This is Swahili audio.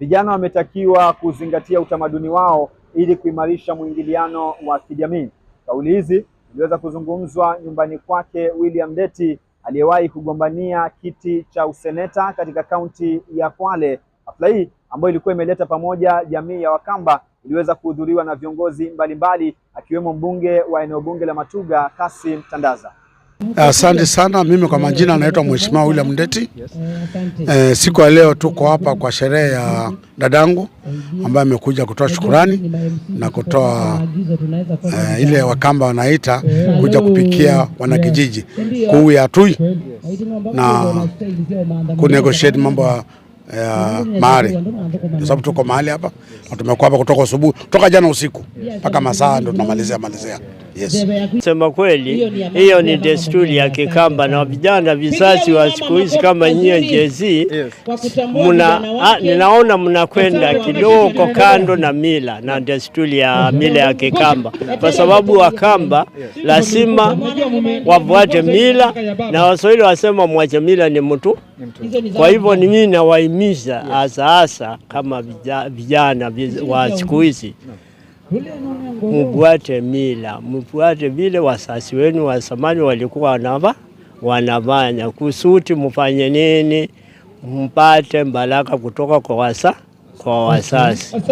Vijana wametakiwa kuzingatia utamaduni wao ili kuimarisha mwingiliano wa kijamii. Kauli hizi ziliweza kuzungumzwa nyumbani kwake William Deti aliyewahi kugombania kiti cha useneta katika kaunti ya Kwale. Hafla hii ambayo ilikuwa imeleta pamoja jamii ya Wakamba iliweza kuhudhuriwa na viongozi mbalimbali akiwemo mbunge wa eneo bunge la Matuga Kasim Tandaza. Asante sana. Mimi kwa majina naitwa Mheshimiwa William Ndeti. E, siku ya leo tuko hapa kwa sherehe ya dadangu ambaye amekuja kutoa shukurani na kutoa e, ile Wakamba wanaita kuja kupikia wanakijiji kuu ya tui na kunegotiate mambo ya Uh, mahari kwa sababu tuko mahali hapa na tumekuwa hapa kutoka asubuhi, toka jana usiku mpaka masaa ndio tunamalizia malizia. Yes. Sema kweli, hiyo ni desturi ya Kikamba na vijana vizazi wa siku hizi kama nyie jezi Muna, a, ah, ninaona mnakwenda kidogo kando na mila na desturi ya mila ya Kikamba kwa sababu Wakamba lazima wafuate mila na Waswahili wasema mwache mila ni mtu. Kwa hivyo mimi nawaimiza hasa hasa kama vijana wa siku hizi mbuate mila, mfuate vile wasasi wenu wa zamani walikuwa wanava wanavanya kusuti, mfanye nini mpate mbalaka kutoka kwa wasa kwa wasasi.